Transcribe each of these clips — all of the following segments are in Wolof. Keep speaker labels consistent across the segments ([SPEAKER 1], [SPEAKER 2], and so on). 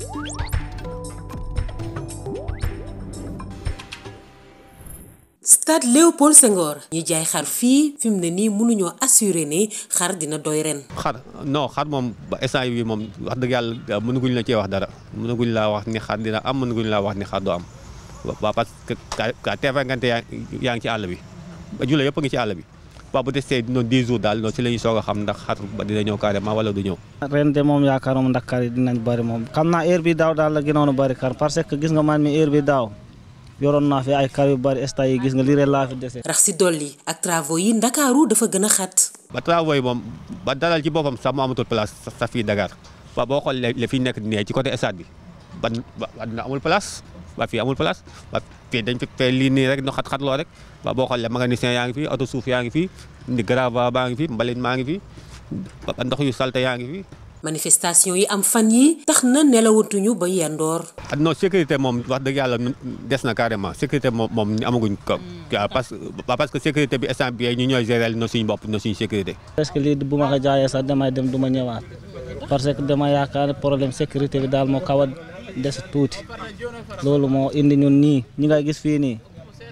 [SPEAKER 1] stade Léopold Senghor. ñi jaay xar fii fi mu ne nii mënuñoo assuré ne xar dina doy ren.
[SPEAKER 2] xar non xar moom ba instant yi moom wax dëgg yàlla mënaguñ la cee wax dara mënaguñ laa wax ni xar dina am mënaguñ laa wax ni xar du am waa parce que ka ka yaa ngi ci àll bi. jula yëpp a ngi ci àll bi. waaw bu desee noonu 10 jours daal noonu si la ñuy soog a xam ndax xar ba dina ñëw carrément wala du ñëw
[SPEAKER 3] ren de moom ndax kar yi dinañ moom xam naa heure bi daaw daal la gënoon a bëri kar parce que gis nga man mi heure bi daaw yoroon naa fi ay kar yu bëri stade gis nga lii rek laa
[SPEAKER 2] fi dolli
[SPEAKER 1] ak travaux ndakaaru dafa gën a xat
[SPEAKER 2] ba travaux moom ba dalal ci boppam sax mu amatul place sa fii Dakar waaw boo xool la nekk ne ci waa fii amul place waa fii dañ fee lii nii rek no xat-xat rek waa boo xoolee maganicien yaa ngi fi oto yaa ngi fi ndi grava baa ngi fi mbalit maa ngi fi ndox yu salte yaa ngi fi.
[SPEAKER 1] manifestation yi am fan yi tax na nelawatuñu ba yendoor.
[SPEAKER 2] Ah, no sécurité moom wax dëgg yàlla des na carrément sécurité moom moom amaguñ ko. Hmm. waaw parce que parce que sécurité bi instant bii ñu ñooy gérer na suñu bopp na suñu sécurité.
[SPEAKER 3] est-ce que lii bu ma ko sax damay dem du ñëwaat parce que dama yaakaar problème sécurité bi daal moo kaw des tuuti loolu moo indi ñun nii ñi ngay gis fii nii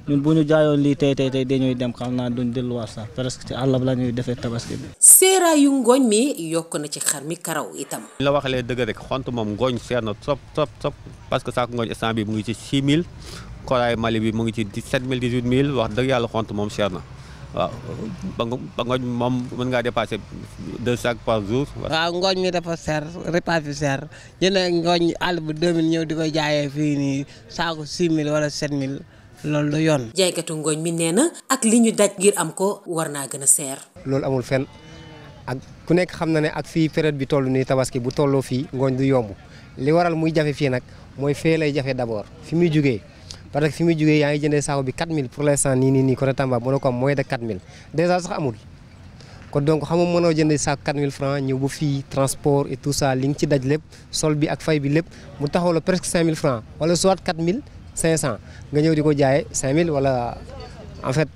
[SPEAKER 3] ñun bu ñu jaayoon lii tey tey tey dañuy dem xam naa duñ delluwaat sax presque ci àll bi la defee
[SPEAKER 2] tabaski bi.
[SPEAKER 1] seeraayu ngooñ mi yokk na ci xar mi karaw itam.
[SPEAKER 2] li la waxalee dëgg rek xont moom ngooñ seer na trop trop trop parce que saako ngooñ instant bi mu ngi ci 6000 koraay Mali bi mu ngi ci 17000 18000 wax dëgg yàlla xont moom seer na. waaw ba ngooñ moom mën ngaa dépasser deux sacs par jour. waaw
[SPEAKER 3] mi dafa seer repas bi seer jënd ngooñ àll bu 2000 ñëw di koy jaayee fii nii saako 6000 wala mille
[SPEAKER 4] loolu du yoon.
[SPEAKER 1] jaaykatu ngooñ mi nee na ak li ñu daj ngir am ko war naa gën a seer.
[SPEAKER 4] loolu amul fenn ak ku nekk xam na ne ak fii période bi toll nii tabaski bu tolloo fii ngooñ du yomb li waral muy jafe fii nag mooy fee lay jafe d'abord fi muy jugee. parce que fi muy jógee yaa ngi jëndee saako bi 4000 pour l'instant nii nii nii côté Tamba mënoo ko am moins de 4000 déjà sax amul kon donc xam nga mënoo jëndee saako 4000 ñëw ba fii transport et tout ça li ci daj lépp sol bi ak fay bi lépp mu taxaw la presque 5000 francs wala soit 4500 nga ñëw di ko jaayee 5000 wala. en fait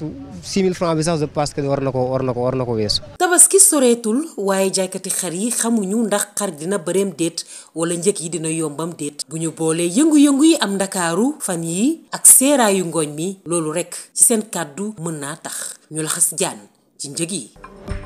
[SPEAKER 4] 6000 francs bi sax je pense que war na ko war na ko war na ko weesu.
[SPEAKER 1] tabaski soreetul waaye jaaykati xar yi xamuñu ndax xar dina bëreem déet wala njëg yi dina yombam déet bu ñu boolee yëngu-yëngu yi am ndakaaru fan yi ak seeraayu ngooñ mi loolu rek ci seen kàddu mën naa tax ñu laxas jaan ci njëg yi.